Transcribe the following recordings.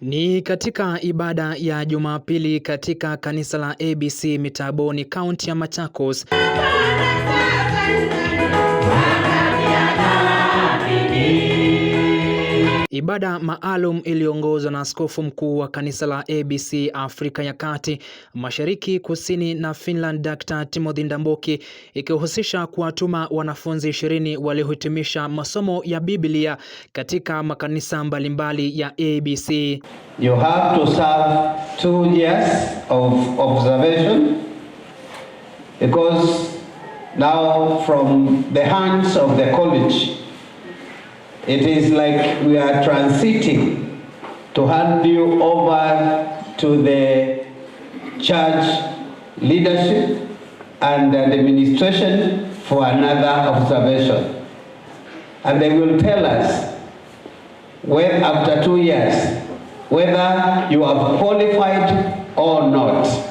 Ni katika ibada ya Jumapili katika kanisa la ABC Mitaboni, kaunti ya Machakos. Ibada maalum iliyoongozwa na askofu mkuu wa kanisa la ABC Afrika ya Kati, Mashariki, Kusini na Finland, Dr. Timothy Ndambuki, ikihusisha kuwatuma wanafunzi ishirini waliohitimisha masomo ya Biblia katika makanisa mbalimbali ya ABC. You have to serve two years of observation because now from the hands of the college It is like we are transiting to hand you over to the church leadership and administration for another observation. And they will tell us when after two years whether you have qualified or not.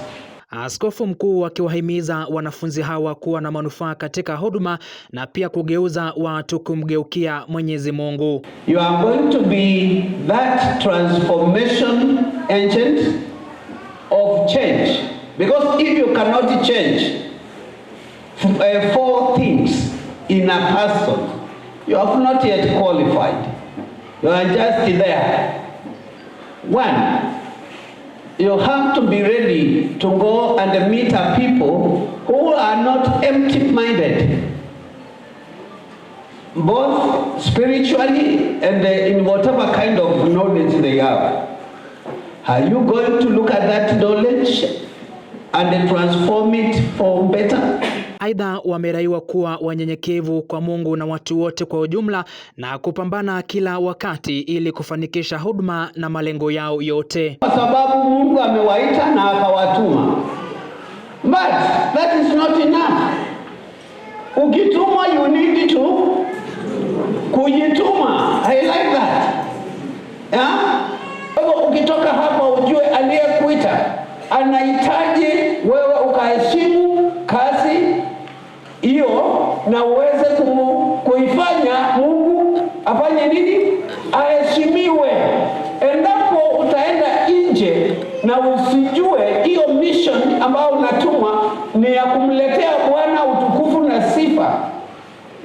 Askofu mkuu akiwahimiza wanafunzi hawa kuwa na manufaa katika huduma na pia kugeuza watu kumgeukia Mwenyezi Mungu. You are going to be that transformation agent of change because if you cannot change eh, four things in a person you have not yet qualified. You are just there. One, you have to be ready to go and meet a people who are not empty-minded, both spiritually and uh, in whatever kind of knowledge they have. Are you going to look at that knowledge and transform it for better? Aidha, wameraiwa kuwa wanyenyekevu kwa Mungu na watu wote kwa ujumla na kupambana kila wakati ili kufanikisha huduma na malengo yao yote, kwa sababu Mungu amewaita na akawatuma. But that is not enough. Ukitumwa you need to kujituma. I like that. Yeah? Ukitoka hapa ujue aliyekuita anahitaji wewe ukaheshimu hiyo na uweze kuifanya Mungu afanye nini? Aheshimiwe. Endapo utaenda nje na usijue hiyo mission ambayo unatumwa ni ya kumletea Bwana utukufu na sifa,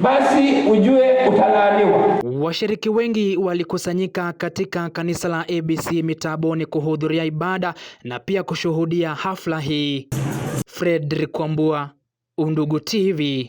basi ujue utalaaniwa. Washiriki wengi walikusanyika katika kanisa la ABC Mitaboni kuhudhuria ibada na pia kushuhudia hafla hii. Fredrick Kwambua, Undugu TV.